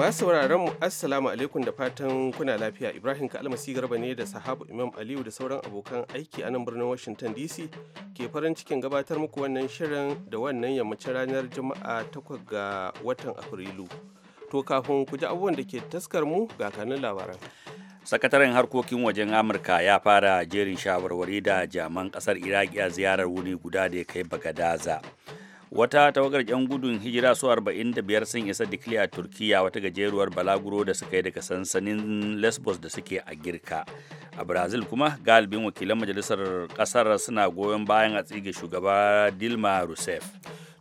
Ba sauraron mu assalamu alaikum da fatan kuna lafiya Ibrahim ka almasi garba ne da sahabu Imam Aliyu da sauran abokan aiki a nan birnin Washington DC ke farin cikin gabatar muku wannan shirin da wannan yammacin ranar Juma'a 8 ga watan Afrilu. To kafin ku ji abubuwan da ke taskar mu ga kanin labaran. sakataren harkokin wajen amurka ya fara jerin shawarwari da jaman kasar iraki a ziyarar wuni guda da ya kai bagadaza wata tawagar 'yan gudun hijira su 45 sun isa a turkiya wata gajeruwar balaguro da suka yi daga sansanin lesbos da suke a girka a brazil kuma galibin wakilan majalisar kasar suna goyon bayan a tsige shugaba dilma rousseff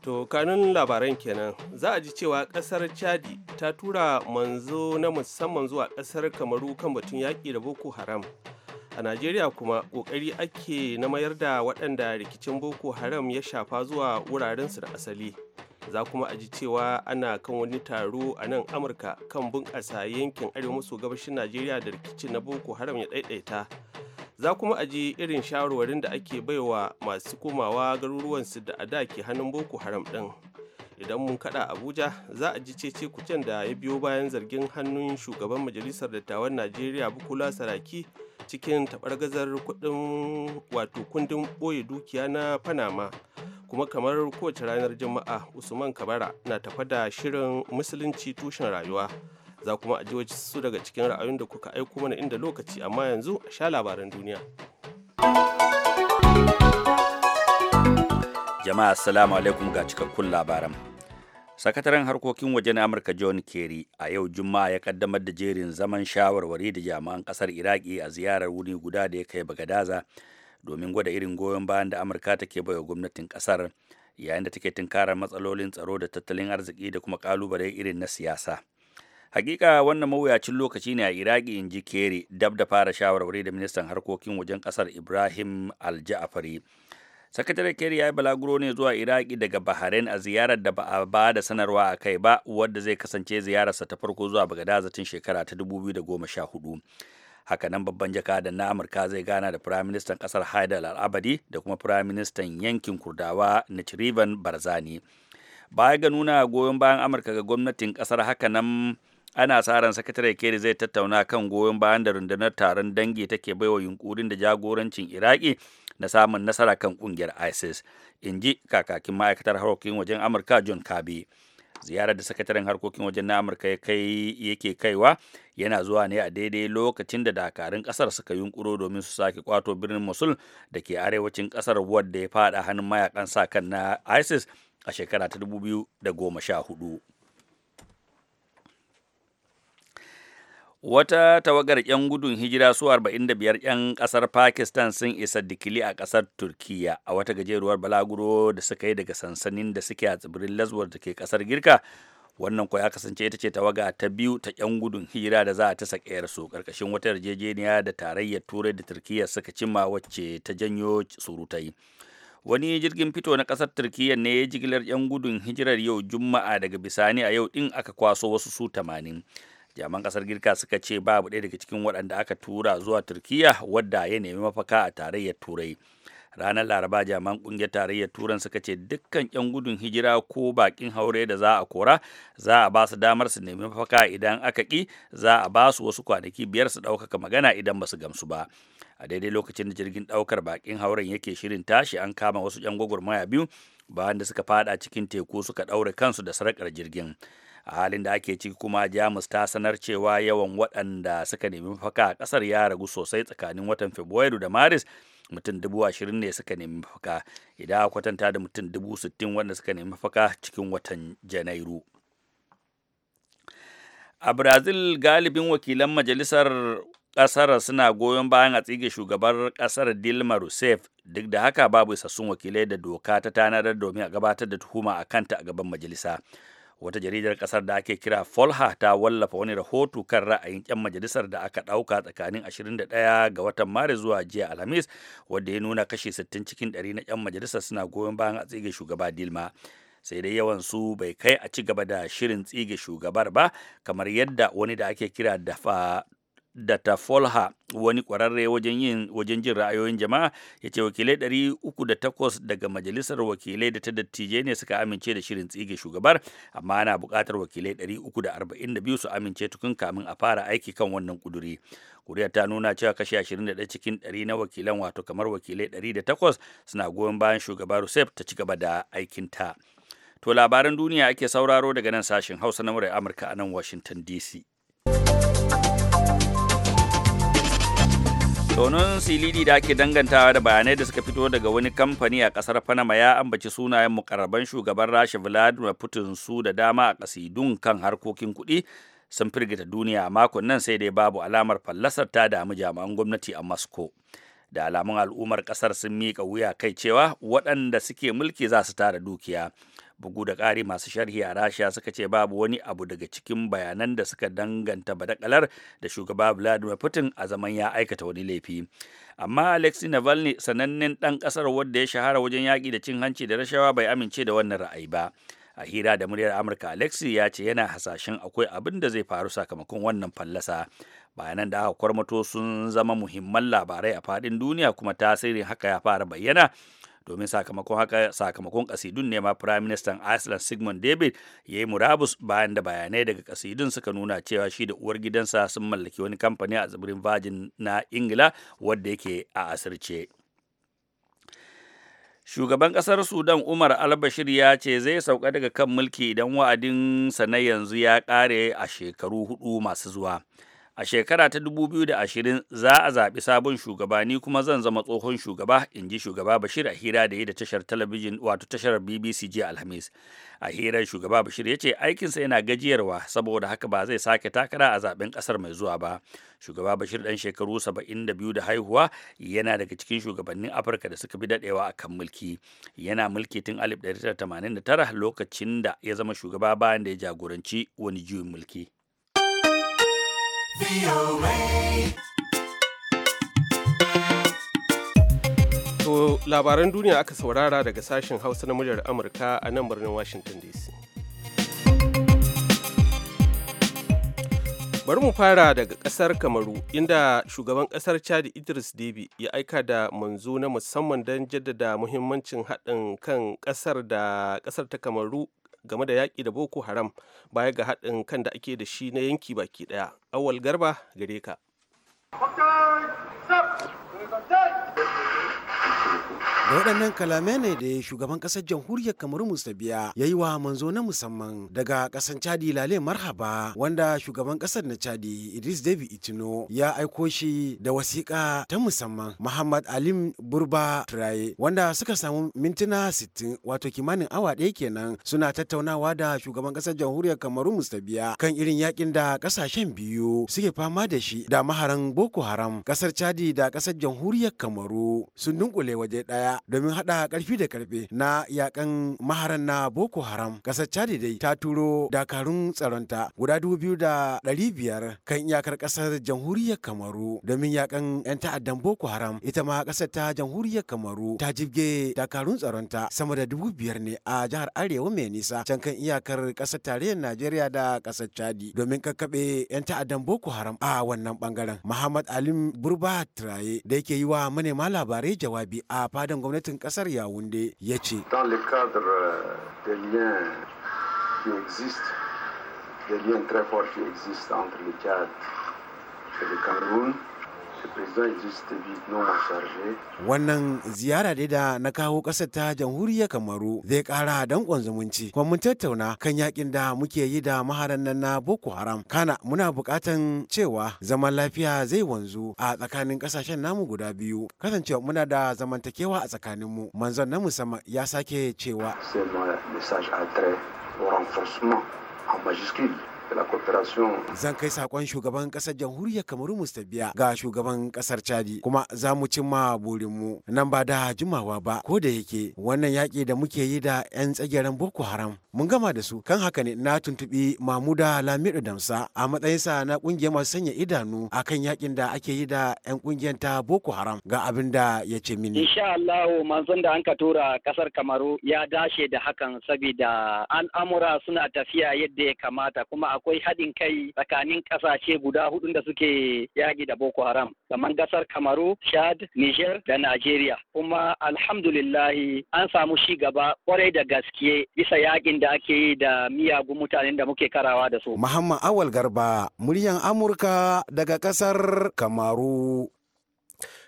to kanun labaran kenan za a ji cewa kasar chadi ta tura manzo na musamman zuwa kasar kamaru kan batun yaƙi da boko haram a najeriya kuma kokari ake na mayar da waɗanda rikicin boko haram ya shafa zuwa wurarensu da asali za kuma a ji cewa ana kan wani taro a nan amurka kan bunƙasa yankin arewa maso gabashin najeriya da rikicin na boko haram ya ɗaiɗaita za kuma a ji irin shawarwarin da ake baiwa masu komawa garuruwansu da ada ke hannun boko haram ɗin idan mun kada abuja za a ji cece kucen da ya biyo bayan zargin hannun shugaban majalisar dattawan najeriya bukola saraki cikin taɓargazar kudin wato kundin ɓoye dukiya na panama kuma kamar kowace ranar juma'a usman kabara na tafa da shirin musulunci tushen rayuwa za kuma a ji su daga cikin ra'ayoyin da kuka aiko mana inda lokaci amma yanzu a sha labaran duniya jama'a assalamu alaikum ga cikakkun labaran sakataren harkokin waje na amurka john kerry a yau juma'a ya kaddamar da jerin zaman shawarwari da jami'an kasar iraki a ziyarar wuri guda da ya kai bagadaza domin gwada irin goyon bayan da amurka take baiwa gwamnatin kasar yayin da take tunkarar matsalolin tsaro da tattalin arziki da kuma kalubale irin na siyasa hakika wannan mawuyacin lokaci ne a iraki in ji kere dab da fara shawarwari da ministan harkokin wajen kasar ibrahim al-jafari sakataren kerry ya yi balaguro ne zuwa iraki daga bahrain a ziyarar da ba a ba da sanarwa a kai ba wadda zai kasance ziyararsa ta farko zuwa bagadazatin shekara ta 2014 hakanan babban jakadan na amurka zai gana da firaministan kasar haidar al'abadi da kuma firaministan yankin kurdawa na barzani baya ga nuna goyon bayan amurka ga gwamnatin kasar hakanan ana sa ran sakatare kerry zai tattauna kan goyon bayan da rundunar taron dangi take baiwa yunkurin da jagorancin iraki na samun nasara kan kungiyar isis in ji kakakin ma'aikatar harkokin wajen amurka john kabi ziyarar da sakataren harkokin wajen na amurka yake kaiwa yana zuwa ne a daidai lokacin da dakarun kasar suka yunkuro domin su sake kwato birnin mosul da ke arewacin kasar wadda ya fada hannun mayakan sa kan na isis a shekara ta 2014 Wata tawagar 'yan gudun hijira su 45 'yan ƙasar Pakistan sun isa dikili a ƙasar Turkiyya a wata gajeruwar balaguro da suka yi daga sansanin da suke a tsibirin lazwar da ke ƙasar Girka. Wannan ko ya kasance ita ce tawaga ta biyu ta 'yan gudun hijira da za a ta sakayar su ƙarƙashin wata yarjejeniya da tarayyar Turai da Turkiyya suka cimma wacce ta janyo surutai. wani jirgin fito na ƙasar turkiyya ne ya jigilar 'yan gudun hijirar yau juma'a daga bisani a yau ɗin aka kwaso wasu su tamanin jaman kasar girka suka ce babu ɗaya daga cikin waɗanda aka tura zuwa turkiya wadda ya nemi mafaka a tarayyar turai ranar laraba jaman kungiyar tarayyar turan suka ce dukkan yan gudun hijira ko bakin haure da za a kora za a ba su damar su nemi mafaka idan aka ki za a ba su wasu kwanaki biyar su ɗaukaka magana idan ba su gamsu ba a daidai lokacin da jirgin ɗaukar bakin hauren yake shirin tashi an kama wasu yan gwagwarmaya biyu bayan da suka fada cikin teku suka ɗaure kansu da sarakar jirgin a halin da ake ciki kuma jamus ta sanar cewa yawan waɗanda suka nemi mafaka a ƙasar ya ragu sosai tsakanin watan fabrairu da maris mutum dubu ashirin ne suka nemi mafaka idan a kwatanta da mutum dubu sittin wanda suka nemi mafaka cikin watan janairu a brazil galibin wakilan majalisar kasar suna goyon bayan a tsige shugabar kasar Dilma Rousseff duk da haka babu isassun wakilai da doka ta tanadar domin a gabatar da tuhuma a kanta a gaban majalisa. wata jaridar kasar da ake kira folha ta wallafa wani rahoto kan ra'ayin 'yan majalisar da aka ɗauka tsakanin 21 ga watan maris zuwa jiya alhamis wadda ya nuna kashi 60 cikin 100 na 'yan majalisar suna goyon bayan a tsige shugaba dilma sai dai yawan su bai kai a ci gaba da shirin tsige shugabar ba kamar yadda wani da ake kira dafa da folha wani kwararre wajen yin wajen jin ra'ayoyin jama'a ya ce wakilai ɗari 308 daga majalisar wakilai da ta dattijai ne suka amince da shirin tsige shugabar amma ana buƙatar wakilai 342 su amince tukun kamin a fara aiki kan wannan kuduri kuriya ta nuna cewa kashi 21 cikin 100 na wakilan wato kamar wakilai ɗari da takwas suna goyon bayan shugaba rusef ta ci gaba da aikin ta to labaran duniya ake sauraro daga nan sashen hausa na murai amurka a nan washington dc Tonon silidi da ake dangantawa da bayanai da suka fito daga wani kamfani a kasar Panama ya ambaci sunayen mukarraban shugaban Rasha Vladimir Putin su da dama a kasidun kan harkokin kuɗi sun firgita duniya a makon nan sai dai babu alamar fallasar ta damu jami'an gwamnati a Moscow. Da alamun al'ummar kasar sun miƙa wuya kai cewa waɗanda suke mulki za su tara dukiya. bugu da ƙari masu sharhi a rasha suka ce babu wani abu daga cikin bayanan da suka danganta badakalar da shugaba vladimir putin a zaman ya aikata wani laifi amma alexei navalny sanannen ɗan ƙasar wadda ya shahara wajen yaƙi da cin hanci da rashawa bai amince da wannan ra'ayi ba a hira da muryar amurka alexi ya ce yana hasashen akwai abin da zai faru sakamakon wannan fallasa bayanan da aka kwarmato sun zama muhimman labarai a faɗin duniya kuma tasirin haka ya fara bayyana domin sakamakon haka sakamakon kasidun ne ma prime minister iceland sigmund david ya yi murabus bayan da bayanai daga kasidun suka nuna cewa shi da uwar gidansa sun mallaki wani kamfani a tsibirin virgin na ingila wadda yake a asirce Shugaban kasar Sudan Umar al ya ce zai sauka daga kan mulki idan wa'adinsa na yanzu ya kare a shekaru hudu masu zuwa. a shekara ta 2020 za a zaɓi sabon shugaba ni kuma zan zama tsohon shugaba in ji shugaba bashir a hira da yi da tashar talabijin wato tashar bbc jiya alhamis a hirar shugaba bashir ya ce aikinsa yana gajiyarwa saboda haka ba zai sake takara a zaɓen ƙasar mai zuwa ba shugaba bashir ɗan shekaru 72 da haihuwa yana daga cikin shugabannin afirka da suka fi daɗewa a kan mulki yana mulki tun 1989 lokacin da ya zama shugaba bayan da ya jagoranci wani juyin mulki. To labaran duniya aka saurara daga sashen Hausa na muryar Amurka a nan birnin Washington DC. Bari mu fara daga ƙasar Kamaru inda shugaban ƙasar Chad Idris debi ya aika da manzo na musamman don jaddada muhimmancin haɗin kan ƙasar da ƙasar ta Kamaru game da yaƙi da boko haram baya ga haɗin kan da ake da shi na yanki baki ɗaya awal garba gare ka da waɗannan kalamai ne da shugaban ƙasar jamhuriyar kamaru musabiya ya yi wa manzo na musamman daga ƙasar chadi lale marhaba wanda shugaban ƙasar na chadi idris david itino ya aiko shi da wasiƙa ta musamman muhammad alim burba traye wanda suka samu mintuna 60 wato kimanin awa ɗaya kenan suna tattaunawa da shugaban ƙasar jamhuriyar kamaru musabiya kan irin yakin da ƙasashen biyu suke fama da shi da maharan boko haram ƙasar chadi da ƙasar jamhuriyar kamaru sun dunkule waje ɗaya domin haɗa karfi da karfe na yakan maharan na Boko Haram. Ƙasar Chad dai ta turo dakarun tsaronta guda dubu da ɗari biyar kan iyakar ƙasar jamhuriyar Kamaru domin yakan 'yan ta'addan Boko Haram. Ita ma ƙasar ta jamhuriyar Kamaru ta jibge dakarun tsaronta sama da dubu biyar ne a jihar Arewa mai nisa can kan iyakar ƙasar tarayyar Najeriya da ƙasar Chadi domin kakkaɓe 'yan ta'addan Boko Haram a wannan bangaren. Muhammad Alim Burba Traye da yake yi wa manema labarai jawabi a fadan gwamnatin kasar yawunde ya ce euh, des liens très fort qui existent entre le Tchad et le Cameroun. Wannan ziyara dai da na kawo ƙasar ta jamhuriyar Kamaru zai ƙara danƙon zumunci. Kuma mun tattauna kan yakin da muke yi da maharan nan na Boko Haram. Kana muna buƙatan cewa zaman lafiya zai wanzu a tsakanin ƙasashen namu guda biyu. Kasancewa muna da zamantakewa a tsakaninmu. Manzon na musamman ya sake cewa. C'est mon message à au renforcement Zan kai sakon shugaban kasar jamhuriyar Kamaru Mustabiya ga shugaban kasar Chadi kuma za mu cimma burinmu nan ba da jimawa ba ko da yake wannan yaƙi da muke yi da 'yan tsageren Boko Haram mun gama da su kan haka ne na tuntuɓi Mamuda Lamiru Damsa a matsayinsa na ƙungiyar masu sanya idanu a kan yaƙin da ake yi da 'yan ƙungiyar ta Boko Haram ga abin da ya ce mini. Insha Allah da an ka tura kasar Kamaru ya dashe da hakan sabida. al'amura suna tafiya yadda ya kamata kuma a akwai haɗin kai tsakanin ƙasashe guda hudun da suke yaƙi da Boko Haram kamar gasar Kamaru, Chad, Niger da Najeriya. Kuma alhamdulillahi an samu shi gaba kwarai da gaske bisa yaƙin da ake yi da miyagun mutanen da muke karawa da su. Muhammad Awal Garba, muryan Amurka daga ƙasar Kamaru.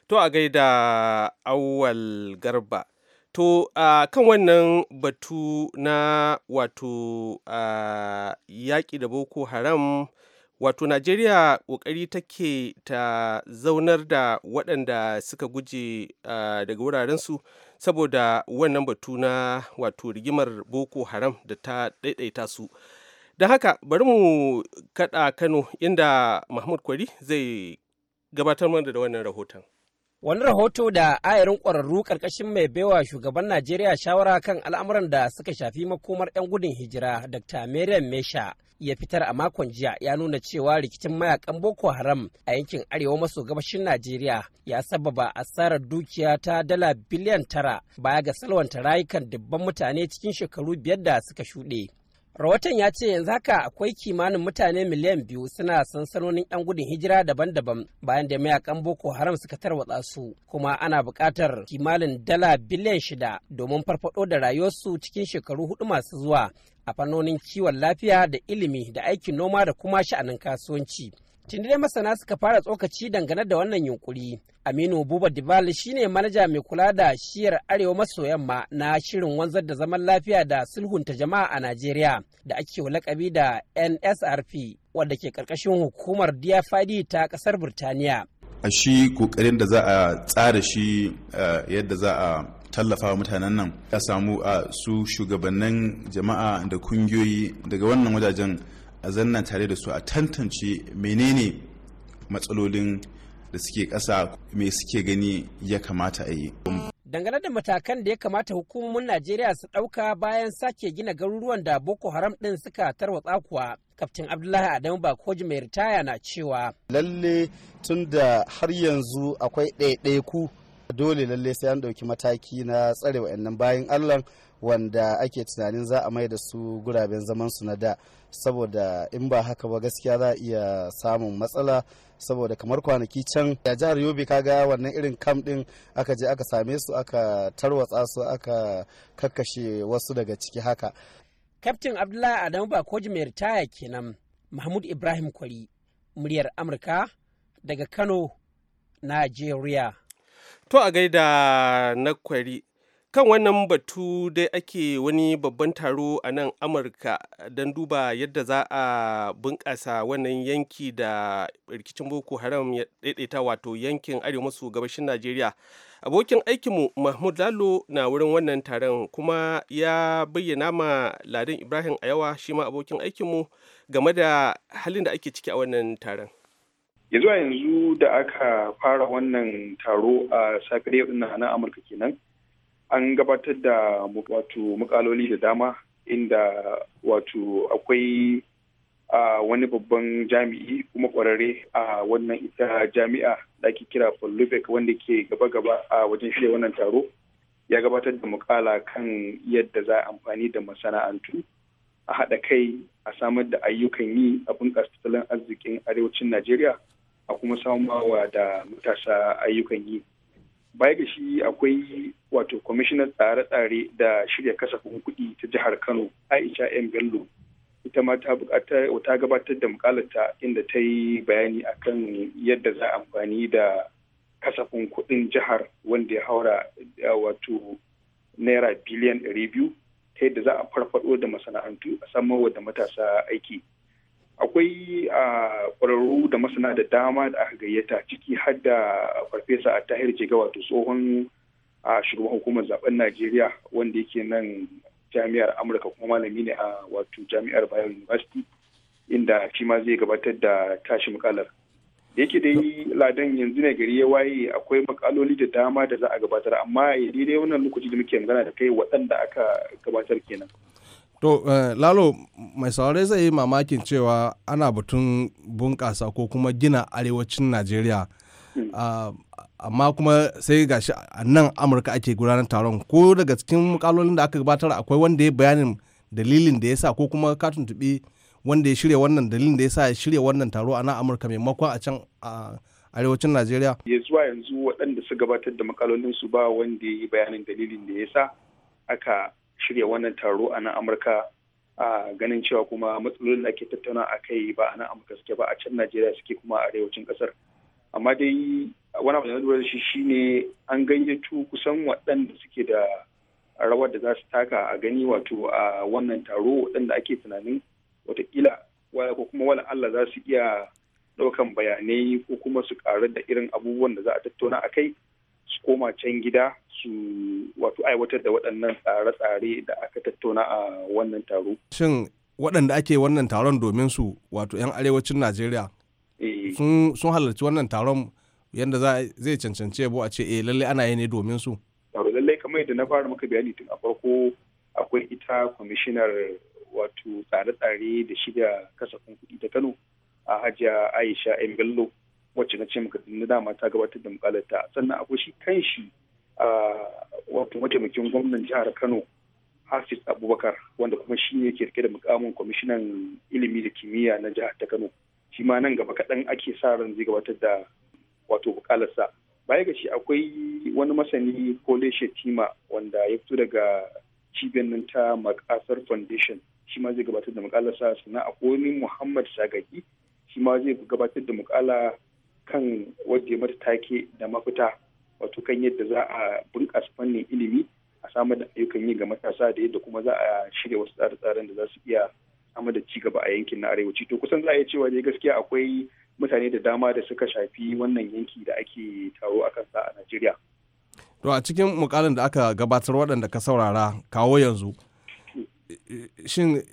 To a gaida Awal Garba. to uh, kan wannan batu na wato uh, yaƙi da boko haram wato najeriya ƙoƙari take ta zaunar da waɗanda suka guje uh, daga wurarensu saboda wannan batu na wato rigimar boko haram da ta ɗaiɗaita su da haka bari mu kaɗa kano inda mahmud kwari zai gabatar mana da wannan rahoton Wani rahoto da ayarin ƙwararru ƙarƙashin mai baiwa shugaban Najeriya shawara kan al'amuran da suka shafi makomar 'yan gudun hijira Dr. Maryam Mesha ya fitar a makon jiya ya nuna cewa rikicin mayakan Boko Haram a yankin arewa maso gabashin Najeriya ya sababa asarar dukiya ta dala biliyan tara baya ga salwanta rayukan dubban mutane cikin shekaru biyar da suka shuɗe. Rahoton ya ce yanzu haka akwai kimanin mutane miliyan biyu suna sansanonin 'yan gudun hijira daban-daban bayan da mayakan Boko Haram suka tarwatsa su kuma ana buƙatar kimanin dala biliyan shida domin farfado da rayuwarsu cikin shekaru hudu masu zuwa a fannonin kiwon lafiya da ilimi da aikin noma da kuma sha'anin kasuwanci. tun dai masana suka fara tsokaci dangane da wannan yunkuri aminu buba dibal shine manaja mai kula da shiyar arewa maso yamma na shirin wanzar da zaman lafiya da sulhunta jama'a a najeriya da ake lakabi da nsrp wadda ke karkashin hukumar dfid ta kasar burtaniya a shi kokarin da za a tsara shi eh, yadda za a tallafa mutanen nan a samu a ah, su shugabannin jama'a da kungiyoyi daga wannan wajajen a zanna tare da su a tantance menene matsalolin da suke ƙasa me suke gani ya kamata a yi. Dangane da matakan da ya kamata hukumomin Najeriya su ɗauka bayan sake gina garuruwan da Boko Haram ɗin suka tarwatsa kuwa. Kaftin Abdullahi Adamu Bakoji mai ritaya na cewa. Lalle tun da har yanzu akwai ɗaiɗaiku dole lalle sai an ɗauki mataki na tsare wa'annan bayan Allah wanda ake tunanin za a mai da su guraben zaman su na da saboda in ba haka ba gaskiya za a iya samun matsala saboda kamar kwanaki can ya jihar yobe kaga wannan irin kam din aka je aka same su aka tarwatsa su aka kakkashe wasu daga ciki haka kaftin abdullahi adamu ba koji mai ritaya kenan mahmud ibrahim kwari muryar amurka daga kano najeriya to a gaida na kwari kan wannan batu dai ake wani babban taro a nan amurka don duba yadda za a bunƙasa wannan yanki da rikicin boko haram ya daidaita wato yankin arewa maso gabashin najeriya abokin aikinmu mahmud lalo na wurin wannan taron kuma ya bayyana ma ladin ibrahim ayawa yawa shi ma abokin aikinmu game da halin da ake ciki a wannan taron ya yanzu da aka fara wannan taro a safiyar yau na amurka kenan an gabatar da wato mukaloli da dama inda wato akwai wani babban jami'i kuma kwararre a wannan ita jami'a da ake kira Polybec wanda ke gaba-gaba a wajen shirya wannan taro ya gabatar da mukala kan yadda za a amfani da masana'antu a haɗa kai a samar da ayyukan yi a bunƙasa tattalin arzikin arewacin Najeriya a kuma samawa da matasa ayyukan yi. baya da shi akwai wato kwamishinan tsare-tsare da shirya kasafin kuɗi ta jihar kano aisha m bello ita ma ta ta gabatar da mukalarta inda ta yi bayani akan yadda za a amfani da kasafin kuɗin jihar wanda ya haura wato naira biliyan ɗari biyu ta yadda za a farfaɗo da masana'antu a samar da matasa aiki akwai a kwararru da masana da dama da aka gayyata ciki har da farfesa a tahir jiga wato tsohon a shugaban hukumar zaben najeriya wanda yake nan jami'ar amurka kuma malami ne a wato jami'ar bayan university inda shi ma zai gabatar da tashi mukalar da yake dai ladan yanzu ne gari ya waye akwai makaloli da dama da za a gabatar amma daidai wannan lokaci da muke magana da kai waɗanda aka gabatar kenan To, eh, Lalo, mai saurari zai yi mamakin cewa ana batun bunkasa ko kuma gina arewacin Najeriya. Hmm. Ah, amma kuma sai gashi a nan Amurka ake gudanar taron ko daga cikin mukalolin da aka gabatar akwai wanda ya bayanin dalilin da ya sa ko kuma katun tuɓi wanda ya shirya wannan dalilin da ya sa ya shirya wannan taro a nan Amurka maimakon a can arewacin Najeriya. Ya zuwa yanzu waɗanda su gabatar da makalolin su ba wanda ya yi bayanin dalilin da ya sa aka shirya wannan taro a nan amurka a ganin cewa kuma matsalolin da ake tattauna a kai ba a nan amurka suke ba a can najeriya suke kuma a arewacin kasar amma dai wani abu da lura da shi ne an gayyato kusan waɗanda suke da rawar da za su taka a gani wato a wannan taro waɗanda ake tunanin watakila ko kuma wala Allah za su iya ɗaukan bayanai ko kuma su ƙaru da irin abubuwan da za a tattauna a kai su koma can gida su wato aiwatar da waɗannan tsare-tsare da aka tattauna a wannan taro. Shin waɗanda ake wannan taron domin su wato 'yan arewacin Najeriya eh. sun halarci wannan taron yadda zai cancance bu a ce eh lallai ana yi ne domin su. taro Lallai kamar yadda na fara maka bayani tun a farko akwai ita kwamishinar wato tsare-tsare da shirya kasafin kuɗi ta Kano a hajiya Aisha Bello wacce na ce maka dama ta gabatar da mukalarta sannan akwai shi kan shi wato mataimakin gwamnan jihar Kano Hafiz Abubakar wanda kuma shi ne ke rike da mukamin kwamishinan ilimi da kimiyya na jihar ta Kano shi ma nan gaba kaɗan ake sa ran zai gabatar da wato bukalarsa baya ga shi akwai wani masani Kole Shetima wanda ya fito daga cibiyar nan ta Makasar Foundation shi ma zai gabatar da mukalarsa sannan akwai wani Muhammad Sagaki shi ma zai gabatar da mukala kan wadda ya mata take da mafita wato kan yadda za a bunƙasa fannin ilimi a samar da ayyukan yi ga matasa da yadda kuma za a shirya wasu tsare-tsaren da za su iya samar da cigaba a yankin na arewaci to kusan za a iya cewa dai gaskiya akwai mutane da dama da suka shafi wannan yanki da ake taro a kansa a najeriya to a cikin mukalin da aka gabatar waɗanda ka saurara kawo yanzu shin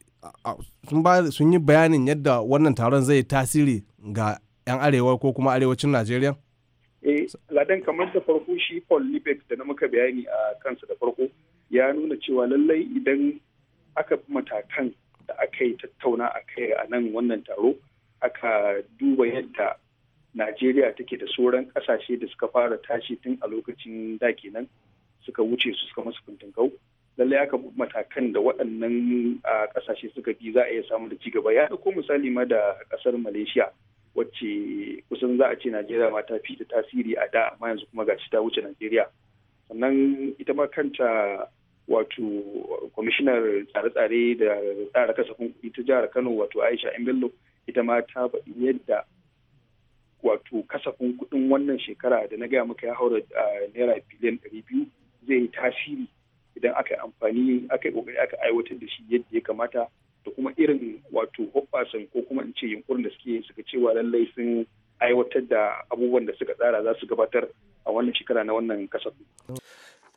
sun yi bayanin yadda wannan taron zai tasiri ga 'yan arewa ko kuma arewacin najeriya eh ladan kamar da farko shi paul libeck da na muka bayani a kansa da farko ya nuna cewa lallai idan aka bi matakan da aka yi tattauna a kai a nan wannan taro aka duba yadda najeriya take da sauran kasashe da suka fara tashi tun a lokacin da nan suka wuce su suka masu kau lallai aka bi matakan da waɗannan kasashe suka bi za a iya samu da cigaba ya ɗauko misali ma da ƙasar malaysia wacce kusan za a ce najeriya ma ta fi da tasiri a da amma yanzu kuma gashi ta wuce najeriya sannan ita ma kanta wato kwamishinar tsare-tsare da tsara kasafin kuɗi ta jihar kano wato aisha in bello ita ma ta faɗi yadda wato kasafin kuɗin wannan shekara da na gaya maka ya haura naira biliyan ɗari biyu zai yi tasiri idan aka yi amfani aka yi ƙoƙari aka aiwatar da shi yadda ya kamata da kuma irin wato hoɓɓasan ko kuma in ce yunkurin da suke suka cewa lallai sun aiwatar da abubuwan da suka tsara za su gabatar a wannan shekara na wannan kasafin.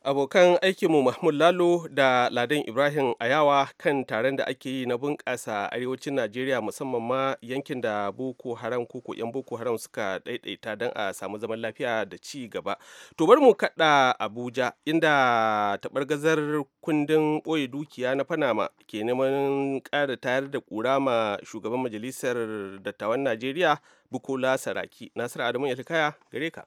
abokan aikinmu mahmud lalo da ladan ibrahim ayawa kan taron da ake yi na bunƙasa arewacin najeriya musamman ma yankin da boko haram koko yan boko haram suka ɗaiɗaita don a samu zaman lafiya da ci gaba to bar mu kaɗa abuja inda taɓargazar kundin ɓoye dukiya na panama ke neman ƙara tayar da ƙura ma shugaban majalisar dattawan najeriya bukola saraki nasar adamu ya kaya gare ka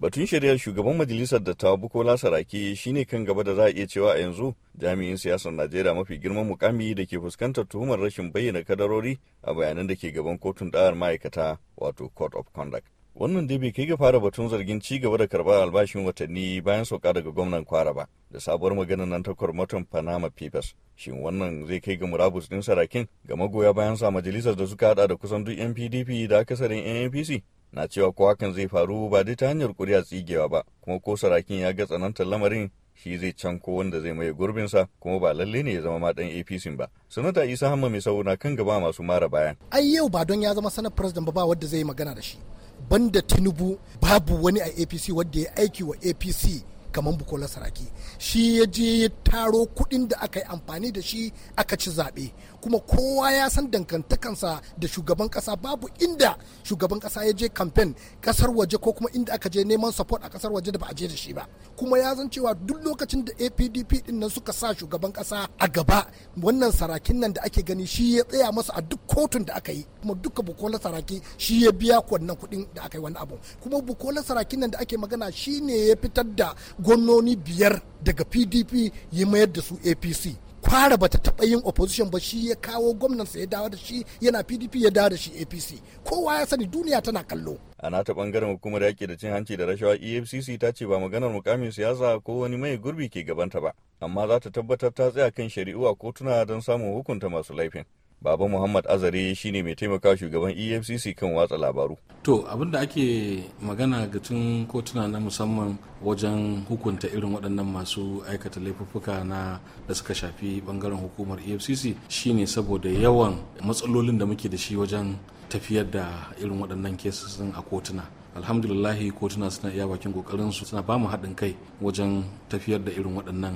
Batun shari'ar shugaban majalisar da ta Bukola Sarake shine kan gaba da za a iya cewa a yanzu jami'in siyasar Najeriya mafi girman mukami da ke fuskantar tuhumar rashin bayyana kadarori a bayanan da ke gaban kotun ɗayar ma'aikata wato Court of Conduct. Wannan dai bai kai ga fara batun zargin ci gaba da karbar albashin watanni bayan sauka daga gwamnan Kwara ba da sabuwar maganar nan ta kwarmatan Panama Papers. Shin wannan zai kai ga murabus ɗin sarakin ga magoya bayan sa majalisar da suka hada da kusan duk NPDP da akasarin NNPC? na cewa ko hakan zai faru ba dai ta hanyar kuri'a tsigewa ba kuma ko sarakin ya ga tsanantar lamarin shi zai can ko wanda zai maye gurbinsa kuma ba lalle ne ya zama ma dan APC ba. Sanata Isa Hamma mai sauna kan gaba masu mara bayan. Ai yau ba don ya zama sanar president ba ba wanda zai magana da shi. Banda Tinubu babu wani a APC wanda ya aiki wa APC kamar bukola saraki shi ya je ya taro kuɗin da aka yi amfani da shi aka ci zaɓe kuma kowa ya san dangantakansa da shugaban ƙasa babu inda shugaban ƙasa ya je kamfen ƙasar waje ko kuma inda aka je neman support a ƙasar waje da ba a je da shi ba kuma ya zan cewa duk lokacin da apdp din nan suka sa shugaban ƙasa a gaba wannan sarakin nan da ake gani shi ya tsaya masa a duk kotun da aka yi kuma duka bukola saraki shi ya biya wannan kuɗin da aka yi wani abu kuma bukola sarakin nan da ake magana shi ne ya fitar da gwamnoni biyar daga pdp ya mayar da su apc kwara bata taɓa yin opposition ba shi ya kawo gwamnansa ya dawo da shi yana pdp ya dawo da shi apc kowa ya sani duniya tana kallo a nata bangaren hukumar yaƙi da cin hanci da rashawa efcc ta ce ba maganar mukamin siyasa ko wani mai gurbi ke gabanta ba amma za ta tabbatar ta tsaya kan shari'u a kotuna don samun hukunta masu laifin Baba Muhammad Azare shine mai taimaka shugaban EFCC kan watsa labaru. To abin da ake magana ga tun kotuna na musamman wajen hukunta irin waɗannan masu aikata laifuffuka na da suka shafi bangaren hukumar EFCC shine saboda yawan matsalolin da muke da shi wajen tafiyar da irin waɗannan kesis a kotuna. alhamdulillahi kotuna suna iya bakin kokarin su suna bamu haɗin kai wajen tafiyar da irin waɗannan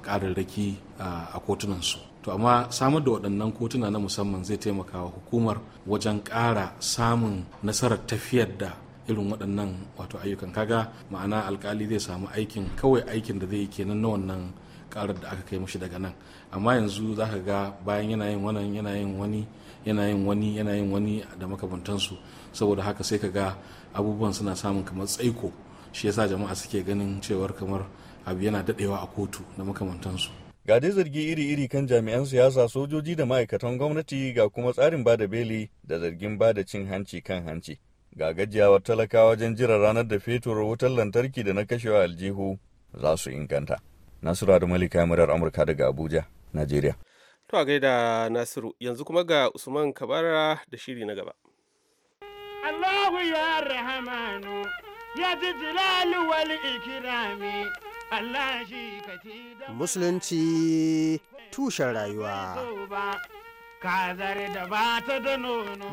ƙararraki a kotunan su to amma samar da waɗannan kotuna na musamman zai taimaka wa hukumar wajen ƙara samun nasarar tafiyar da irin waɗannan wato ayyukan kaga ma'ana alkali zai samu aikin kawai aikin da zai yi kenan na wannan ƙarar da aka kai mashi daga nan amma yanzu za ka ga bayan yana yin wannan yana yin wani yana yin wani yana yin wani da makamantansu saboda haka sai ka ga abubuwan suna samun kamar tsaiko shi yasa jama'a suke ganin cewar kamar abu yana dadewa a kotu na makamantansu ga dai zargi iri-iri kan jami'an siyasa sojoji da ma'aikatan gwamnati ga kuma tsarin bada beli da zargin bada cin hanci kan hanci ga gajiyawar talaka wajen jiran ranar da fetur wutar lantarki da na kashewa aljihu za su inganta nasiru da malika murar amurka daga abuja najeriya to a gaida nasiru yanzu kuma ga usman kabara da shiri na gaba الله يا رحمن يا ذا الجلال الله شيك مسلمتي tushen rayuwa.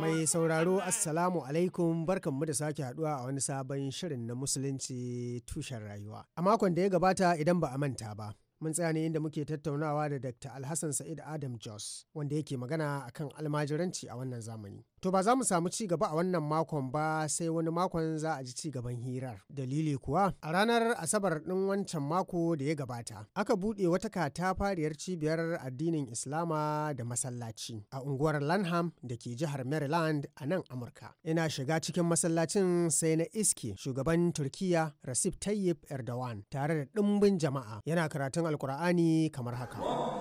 Mai sauraro Assalamu alaikum barkanmu da sake haduwa a wani sabon shirin na Musulunci tushen rayuwa. A makon da ya gabata idan ba a manta ba. Mun tsaya ne inda muke tattaunawa da Dr. Alhassan Sa'id Adam Jos wanda yake magana akan almajiranci a wannan zamani. To ba za mu samu ci gaba a wannan makon ba sai wani makon za a ji ci gaban hirar. Dalili kuwa a ranar Asabar ɗin wancan mako da ya gabata, aka buɗe wata katafariyar cibiyar addinin Islama da masallaci a unguwar Lanham da ke jihar Maryland a nan Amurka. Ina shiga cikin masallacin sai na iske shugaban Turkiya Recep Tayyip Erdogan tare da ɗimbin jama'a yana karatun Alkur'ani kamar haka.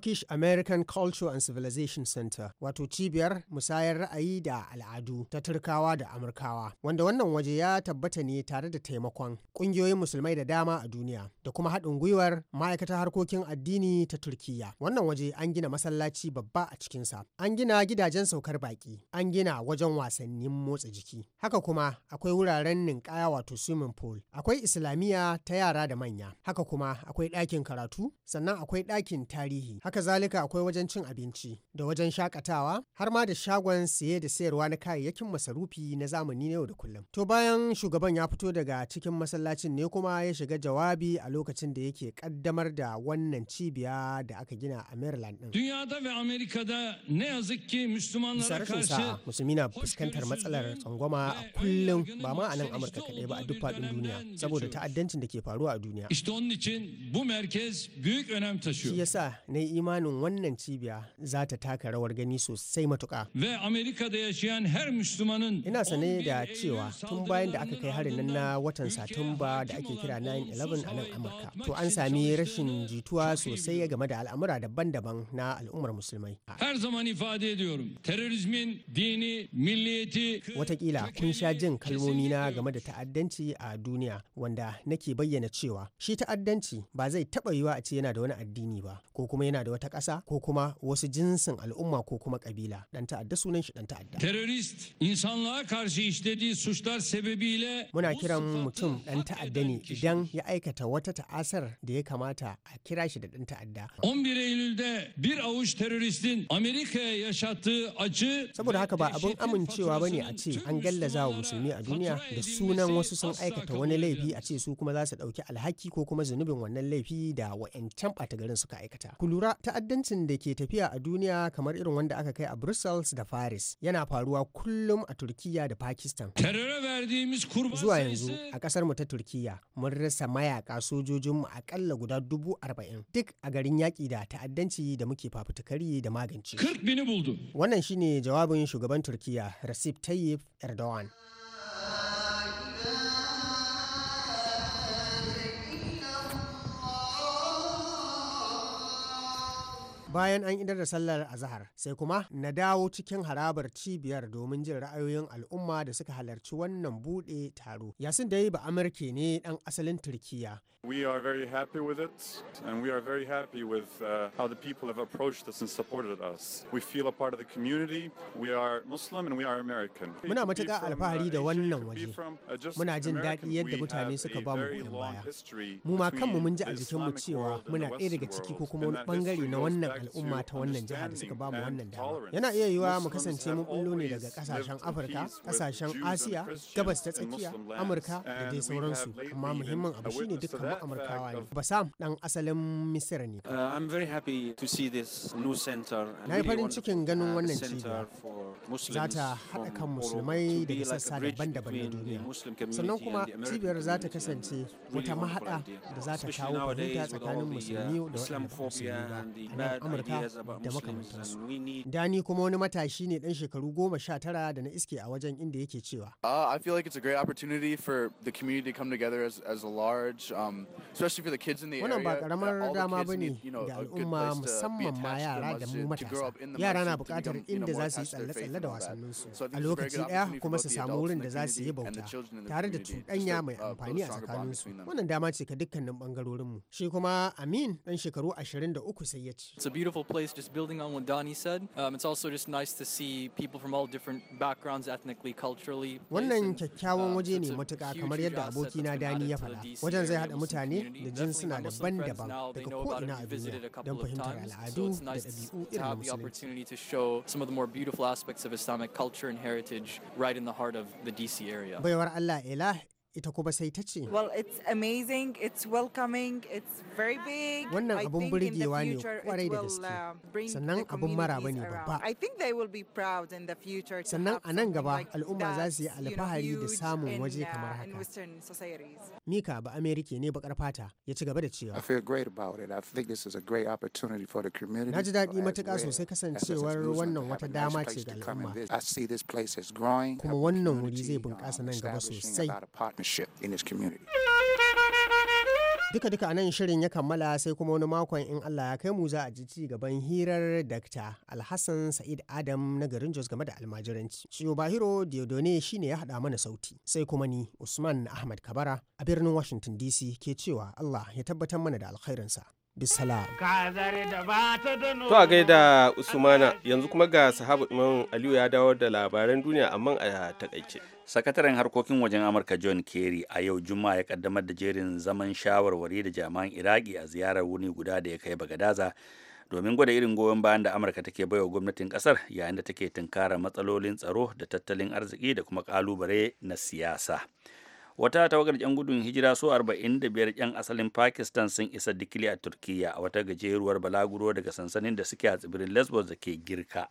Turkish American Culture and Civilization Center, wato cibiyar musayar ra'ayi da al'adu ta Turkawa da Amurkawa, wanda wannan waje ya tabbata ne tare da taimakon ƙungiyoyin musulmai da dama a duniya da kuma haɗin gwiwar ma'aikatar harkokin addini ta Turkiyya. Wannan waje an gina masallaci babba a cikinsa, an gina gidajen saukar baƙi, an gina wajen wasannin motsa jiki. Haka kuma akwai wuraren ninkaya, wato swimming pool, akwai islamiyya ta yara da manya, haka kuma akwai ɗakin karatu, sannan akwai ɗakin tarihi. haka zalika akwai wajen cin abinci da wajen shakatawa har ma da shagon siye da sayarwa na kayayyakin masarufi na zamani na yau da kullum to bayan shugaban ya fito daga cikin masallacin ne kuma ya shiga jawabi a lokacin da yake kaddamar da wannan cibiya da aka gina a maryland din dünyada amerika da ne yazık ki müslümanlara karşı musulmi na fuskantar matsalar tsangwama a kullum ba ma a nan amurka kaɗai ba a duk faɗin duniya saboda ta'addancin da ke faruwa a duniya işte onun için bu merkez büyük önem taşıyor yasa ne imanin wannan cibiya za ta taka rawar gani sosai matuka. Ina sane da cewa tun bayan da aka kai harin nan na watan Satumba da ake kira 9-11 a nan Amurka. To an sami rashin jituwa sosai game da al'amura daban-daban na al'ummar musulmai. Her zaman Watakila kun sha jin kalmomi na game da ta'addanci a duniya wanda nake bayyana cewa shi ta'addanci ba zai taɓa yiwa a ce yana da wani addini ba ko kuma yana da da wata ƙasa ko kuma wasu jinsin al'umma ko kuma ƙabila dan ta'adda sunan shi dan ta'adda Terrorist insanlığa karşı işlediği suçlar sebebiyle muna kiran mutum dan ta'adda ne idan ya aikata wata ta'asar da ya kamata a kira shi da dan ta'adda 11 Eylül'de bir avuç teröristin Amerika'ya yaşattığı acı saboda haka ba abun amincewa bane a ce an gallaza wa musulmi a duniya da sunan wasu sun aikata wani laifi a ce su kuma za su dauki alhaki ko kuma zunubin wannan laifi da wa'ancan ɓata garin suka aikata ku lura ta'addancin da ke tafiya a duniya kamar irin wanda aka kai a Brussels da Paris yana faruwa kullum a Turkiyya da Pakistan. Zuwa yanzu a kasar mu ta Turkiyya mun rasa mayaka sojojin mu akalla guda dubu arba'in duk a garin yaƙi da ta'addanci da muke fafutukari da magance. Wannan shine jawabin shugaban Turkiyya Recep Tayyip Erdogan. Bayan an idar da sallar azahar sai kuma na dawo cikin harabar cibiyar domin jin ra'ayoyin al'umma da suka halarci wannan buɗe taro. Yasin da yi ba Amurke ne dan asalin Turkiya. We are very happy with it and we are very happy with uh, how the people have approached us and supported us. We feel a part of the community. We are Muslim and we are American. Muna matuka uh, alfahari da wannan waje. Uh, muna jin daɗi yadda mutane suka ba mu goyon baya. Mu ma kanmu mun ji a jikinmu cewa muna ɗaya daga ciki ko kuma wani bangare na wannan al'umma ta wannan jiha da suka bamu wannan dama yana iya yiwa mu kasance mun bullo ne daga kasashen afirka kasashen asiya gabas ta tsakiya amurka da dai sauransu amma muhimmin abu shine dukkan mu amurkawa ne basam dan asalin misira ne uh, na yi farin cikin ganin uh, wannan cibiya za ta haɗa kan musulmai daga sassa daban-daban na duniya sannan kuma cibiyar za ta kasance wata mahaɗa da za ta kawo fahimta tsakanin uh, musulmi da waɗanda musulmi ba amurka da makamantansu dani kuma wani matashi ne dan shekaru goma sha tara da na iske a wajen inda yake cewa uh, i feel like it's a great opportunity for the community to come together as, as a large um, especially for the kids in the area wannan ba karamar dama ba ne ga al'umma musamman ma yara da mu matasa yara na bukatar inda za su yi tsalle-tsalle da wasanninsu a lokaci ɗaya kuma su samu wurin da za su yi bauta tare da cuɗanya mai uh, amfani a tsakaninsu wannan dama ce ka dukkanin mu shi kuma amin dan shekaru 23 sai ya ce beautiful place, just building on what Donnie said. Um, it's also just nice to see people from all different backgrounds, ethnically, culturally. Wannan um, kyakkyawan waje ne matuƙa kamar yadda abokina Dani ya faɗa. Wajen zai haɗa mutane da jinsuna daban-daban daga ko'ina a duniya don fahimtar al'adu da ɗabi'u irin Baiwar Allah ita kuma sai ta ce well it's amazing it's welcoming it's very big wannan abun burgewa ne kwarai da gaske uh, sannan abun maraba ne babba be proud in the future sannan a nan gaba al'umma za su yi alfahari da samun waje uh, kamar haka mika ba amerika ne bakar fata ya ci gaba da cewa i feel great for the community ji daɗi matuƙa sosai kasancewar wannan wata dama ce ga al'umma i see is growing kuma wannan wuri zai uh, bunƙasa nan gaba sosai partnership in his community. Duka-duka nan shirin ya kammala sai kuma wani makon in Allah ya kai mu za a ji ci gaban hirar Dr. Alhassan Sa'id Adam na garin Jos game da almajiranci. Shiyo Bahiro Diodone shi ne ya haɗa mana sauti. Sai kuma ni Usman Ahmad Kabara a birnin Washington DC ke cewa Allah ya tabbatar mana da alkhairinsa. bisala. To a gaida Usmana yanzu kuma ga sahabu Imam Aliyu ya dawo da labaran duniya amma a takaice. Sakataren harkokin wajen Amurka John Kerry a yau Juma'a ya kaddamar da jerin zaman shawarwari da jami'an Iraki a ziyarar wuni guda da ya kai Bagadaza domin gwada irin goyon bayan da Amurka take baiwa gwamnatin kasar yayin da take tunkara matsalolin tsaro da tattalin arziki da kuma kalubare na siyasa. wata tawagar 'yan gudun hijira su 45 'yan asalin pakistan sun isa dikili a turkiya a wata gajeruwar balaguro daga sansanin da suke a tsibirin lesbos da ke girka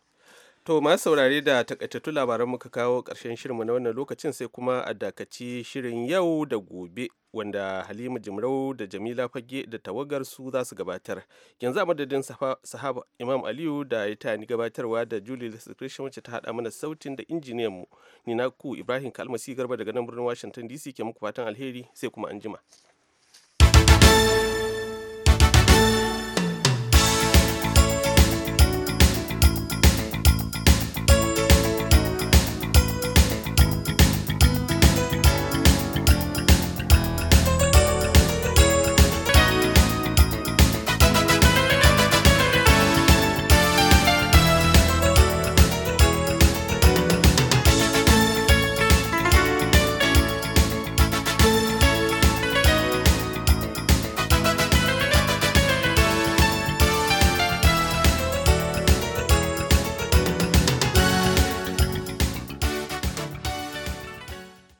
To masu saurare da takaitattu labaran muka kawo ƙarshen shirinmu na wannan lokacin sai kuma a dakaci shirin yau da gobe wanda Halima Jimrau da Jamila Fage da tawagar su za su gabatar. Yanzu a madadin sahaba Imam Aliyu da ya ni gabatarwa da Julie Christian wacce ta haɗa mana sautin da injiniyan mu. Ni na ku Ibrahim Kalmasi Garba daga nan birnin Washington DC ke muku fatan alheri sai kuma anjima.